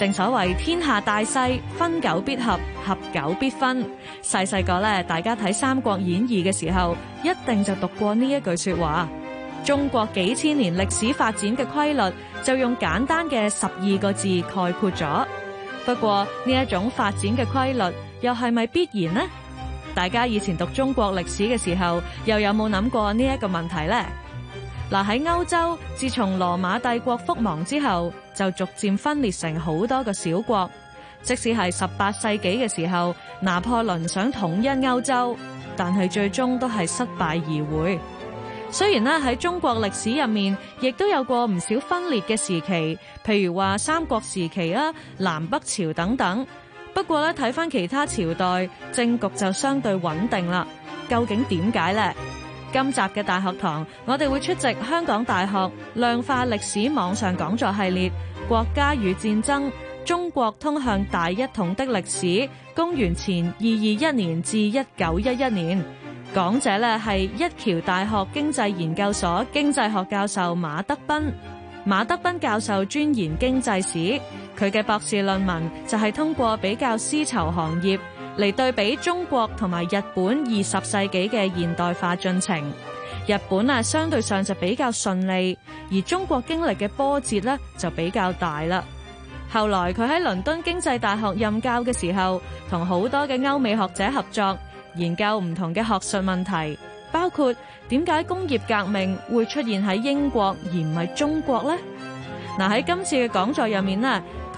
正所謂天下大勢，分久必合，合久必分。細細個咧，大家睇《三國演義》嘅時候，一定就讀過呢一句說話。中國幾千年歷史發展嘅規律，就用簡單嘅十二個字概括咗。不過呢一種發展嘅規律，又係咪必然呢？大家以前讀中國歷史嘅時候，又有冇諗過呢一個問題呢？嗱，喺歐洲，自從羅馬帝國覆亡之後，就逐漸分裂成好多個小國。即使係十八世紀嘅時候，拿破崙想統一歐洲，但係最終都係失敗而回。雖然咧喺中國歷史入面，亦都有過唔少分裂嘅時期，譬如話三國時期啊、南北朝等等。不過咧睇翻，其他朝代政局就相對穩定啦。究竟點解咧？今集嘅大學堂，我哋會出席香港大學量化歷史網上講座系列《國家與戰爭：中國通向大一統的歷史（公元前二二一年至一九一一年）講呢》講者呢係一橋大學經濟研究所經濟學教授馬德斌。馬德斌教授專研經濟史，佢嘅博士論文就係通過比較絲綢行業。嚟對比中國同埋日本二十世紀嘅現代化進程，日本啊相對上就比較順利，而中國經歷嘅波折呢就比較大啦。後來佢喺倫敦經濟大學任教嘅時候，同好多嘅歐美學者合作研究唔同嘅學術問題，包括點解工業革命會出現喺英國而唔係中國呢？嗱，喺今次嘅講座入面呢。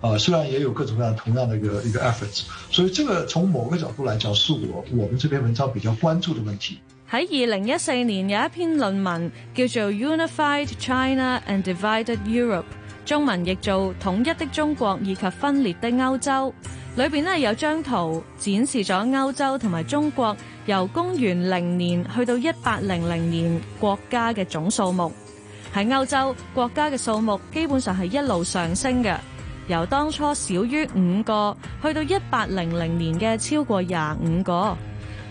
啊，雖然也有各種各樣同樣的一個一個 efforts，所以這個從某個角度來講，是我我們這篇文章比較關注的問題。喺二零一四年有一篇論文叫做《Unified China and Divided Europe》，中文譯做《統一的中國以及分裂的歐洲》裏面。裏邊呢有張圖展示咗歐洲同埋中國由公元零年去到一八零零年國家嘅總數目，喺歐洲國家嘅數目基本上係一路上升嘅。由當初少於五個，去到一八零零年嘅超過廿五個。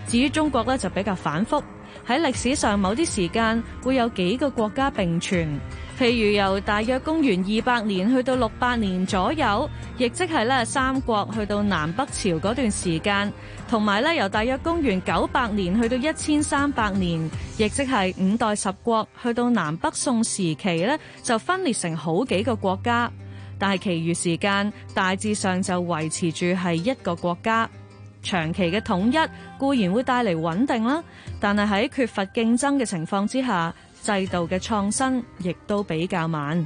至於中國咧，就比較反覆。喺歷史上某啲時間會有幾個國家並存，譬如由大約公元二百年去到六百年左右，亦即係咧三國去到南北朝嗰段時間，同埋咧由大約公元九百年去到一千三百年，亦即係五代十國去到南北宋時期咧，就分裂成好幾個國家。但係其餘時間大致上就維持住係一個國家長期嘅統一，固然會帶嚟穩定啦，但係喺缺乏競爭嘅情況之下，制度嘅創新亦都比較慢。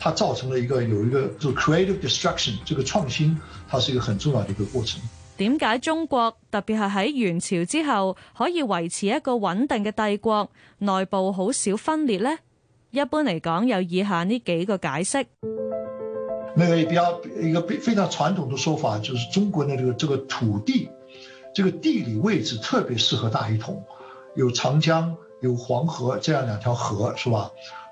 它造成了一個有一個就是 creative destruction，這個創新，它是一個很重要的一個過程。點解中國特別係喺元朝之後可以維持一個穩定嘅帝國內部，好少分裂呢？一般嚟講有以下呢幾個解釋。一、那個比較一個非常傳統的說法，就是中國呢個這個土地，這個地理位置特別適合大一統，有長江有黃河這樣兩條河，是吧？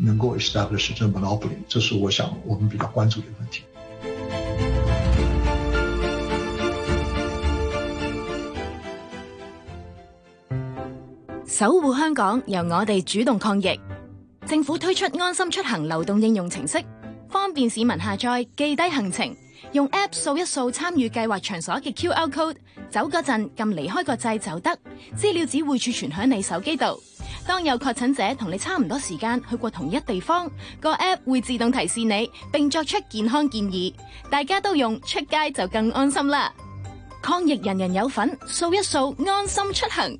能夠 establish 一個 stable，這是我想我們比較關注的問題。守護香港，由我哋主動抗疫。政府推出安心出行流動應用程式，方便市民下載，記低行程，用 app 掃一掃參與計劃場所嘅 QR code，走嗰陣撳離開個掣就得，資料只會儲存響你手機度。當有確診者同你差唔多時間去過同一地方，個 App 會自動提示你並作出健康建議，大家都用，出街就更安心啦！抗疫人人有份，掃一掃，安心出行。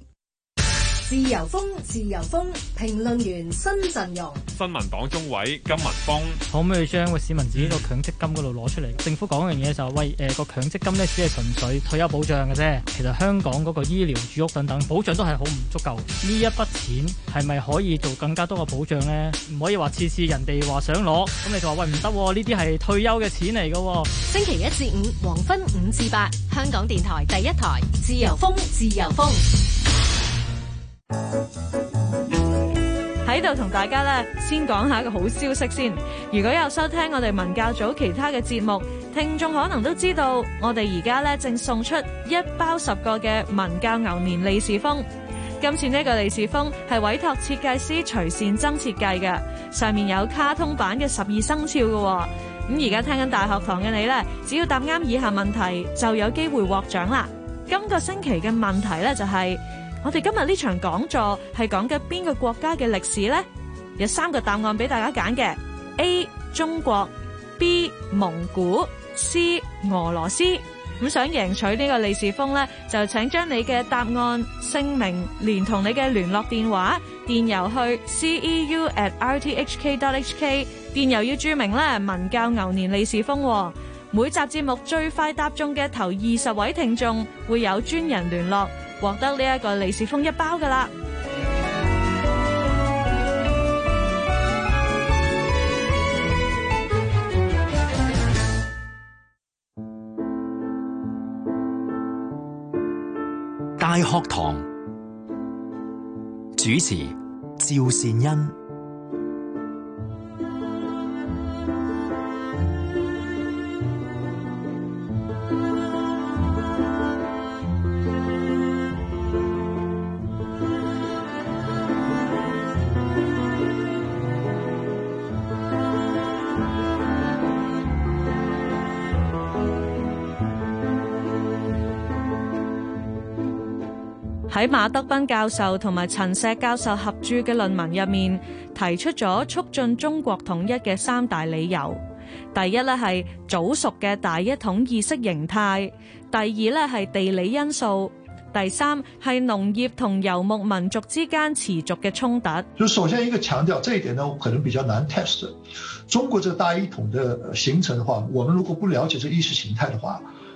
自由風，自由風，評論員新陣容，新聞黨中委金文峰，可唔可以將個市民自己個強積金嗰度攞出嚟？嗯？政府講樣嘢，就係、是、喂，誒、呃、個強積金咧只係純粹退休保障嘅啫。其實香港嗰個醫療、住屋等等保障都係好唔足夠。呢一筆錢係咪可以做更加多嘅保障咧？唔可以話次次人哋話想攞，咁你就話喂唔得，呢啲係退休嘅錢嚟喎。星期一至五黃昏五至八，香港電台第一台，自由風，自由風。呢度同大家咧先講下一個好消息先。如果有收聽我哋文教組其他嘅節目，聽眾可能都知道，我哋而家咧正送出一包十個嘅文教牛年利是封。今次呢個利是封係委託設計師徐善曾設計嘅，上面有卡通版嘅十二生肖嘅。咁而家聽緊大學堂嘅你咧，只要答啱以下問題就有機會獲獎啦。今個星期嘅問題咧就係。我哋今日呢場講座係講嘅邊個國家嘅歷史呢？有三個答案俾大家揀嘅：A 中國、B 蒙古、C 俄羅斯。咁想贏取呢個利是封呢，就請將你嘅答案、姓名連同你嘅聯絡電話電郵去 c e u at r t h k dot h k。電郵要注明呢，文教牛年利是封。每集節目最快答中嘅頭二十位聽眾會有專人聯絡。獲得呢一個利是封一包㗎喇！大學堂主持趙善恩。喺馬德斌教授同埋陳碩教授合著嘅論文入面，提出咗促進中國統一嘅三大理由。第一咧係早熟嘅大一統意識形態；第二咧係地理因素；第三係農業同游牧民族之間持續嘅衝突。就首先一個強調，這一點呢我可能比較難 test。中國這大一統嘅形成的話，我們如果不了解這個意識形態的話。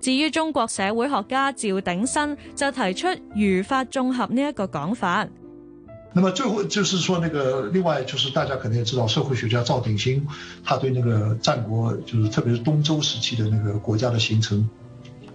至於中國社會學家趙鼎新就提出儒法綜合呢一個講法。那麼最後就是說，那個另外就是大家肯定也知道，社會學家趙鼎新，他對那個戰國，就是特別是東周時期的那個國家的形成。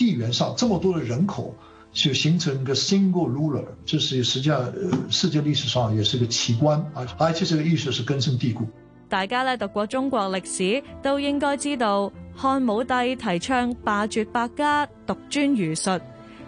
地緣上這麼多的人口，就形成一個 single ruler，這是實際上世界歷史上也是個奇觀啊，而且這個意識是根深蒂固。大家咧讀過中國歷史，都應該知道漢武帝提倡罷黜百家，獨尊儒術。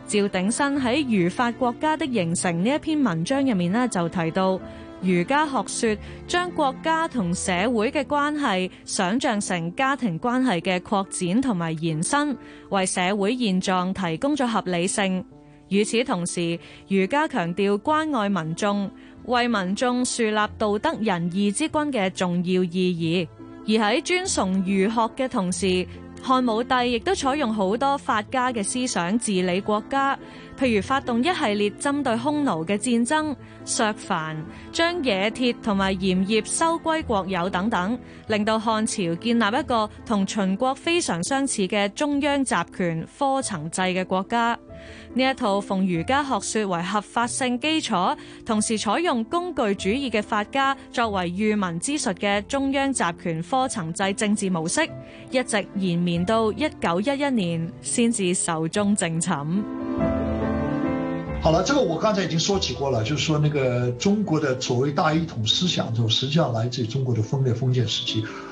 趙鼎新喺儒法國家的形成呢一篇文章入面呢，就提到。儒家學說將國家同社會嘅關係想像成家庭關係嘅擴展同埋延伸，為社會現狀提供咗合理性。與此同時，儒家強調關愛民眾，為民眾樹立道德仁義之君嘅重要意義。而喺尊崇儒學嘅同時，漢武帝亦都採用好多法家嘅思想治理國家，譬如發動一系列針對匈奴嘅戰爭、削藩、將冶鐵同埋鹽業收歸國有等等，令到漢朝建立一個同秦國非常相似嘅中央集權科層制嘅國家。呢一套奉儒家學說為合法性基礎，同時採用工具主義嘅法家作為御民之術嘅中央集權科層制政治模式，一直延綿到一九一一年先至壽終正寢。好了，這個我剛才已經說起過了，就是說，那個中國的所謂大一統思想，就實際上來自中國的分裂封建時期。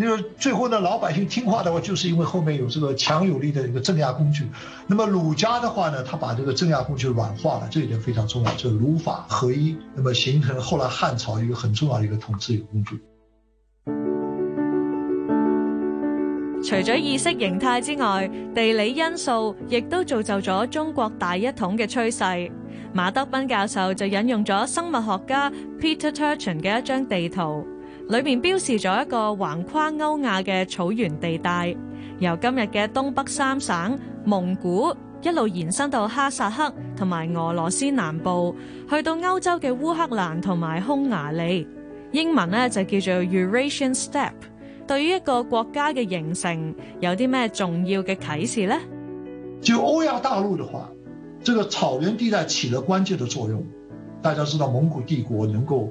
那個 最後呢，老百姓聽話的話，就是因為後面有這個強有力的一個鎮壓工具。那麼，儒家的話呢，他把這個鎮壓工具軟化了，這一點非常重要，就是儒法合一，那麼形成後來漢朝一個很重要的一個統治工具。除咗意識形態之外，地理因素亦都造就咗中國大一統嘅趨勢。馬德斌教授就引用咗生物學家 Peter Turchin 嘅一張地圖。裏面標示咗一個橫跨歐亞嘅草原地帶，由今日嘅東北三省、蒙古一路延伸到哈薩克同埋俄羅斯南部，去到歐洲嘅烏克蘭同埋匈牙利。英文呢就叫做 Eurasian Step。對於一個國家嘅形成，有啲咩重要嘅啟示呢？就歐亞大陸嘅話，這個草原地帶起了關鍵的作用。大家知道蒙古帝國能夠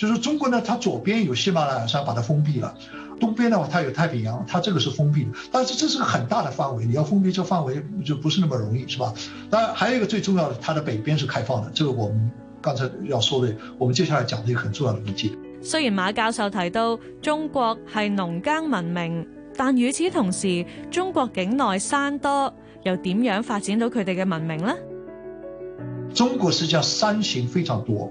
就是中國呢，它左邊有喜馬拉雅山把它封閉了，東邊的話它有太平洋，它這個是封閉的。但是這是個很大的範圍，你要封閉這個範圍就不是那麼容易，是吧？那還有一個最重要的，它的北邊是開放的，這個我們剛才要說的，我們接下來講的一個很重要的問題。雖然馬教授提到中國是農耕文明，但與此同時，中國境內山多，又點樣發展到佢哋嘅文明呢？中國實際上山形非常多。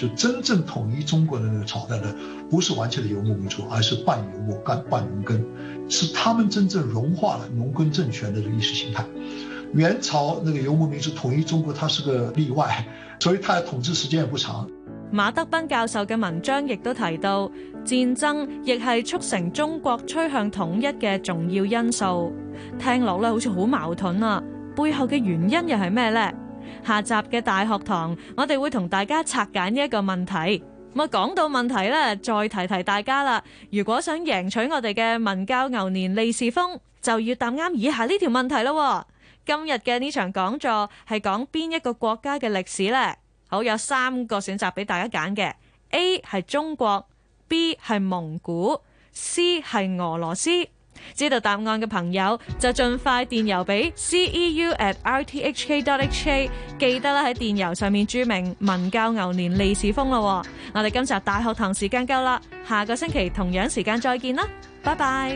就真正統一中國人的那個朝代呢，不是完全的游牧民族，而是半游牧、半半農耕，是他們真正融化了農耕政權的意識形態。元朝那個游牧民族統一中國，它是個例外，所以它的統治時間也不長。馬德斌教授嘅文章亦都提到，戰爭亦係促成中國趨向統一嘅重要因素。聽落咧，好似好矛盾啊，背後嘅原因又係咩呢？下集嘅大學堂，我哋會同大家拆解呢一個問題。咁啊，講到問題咧，再提提大家啦。如果想贏取我哋嘅民教牛年利是封，就要答啱以下呢條問題咯。今日嘅呢場講座係講邊一個國家嘅歷史呢？好，有三個選擇俾大家揀嘅：A 係中國，B 係蒙古，C 係俄羅斯。知道答案嘅朋友就盡快電郵俾 ceu@rthk.hk，記得啦，喺電郵上面注明文教牛年利是封啦。我哋今集大學堂時間夠啦，下個星期同樣時間再見啦，拜拜。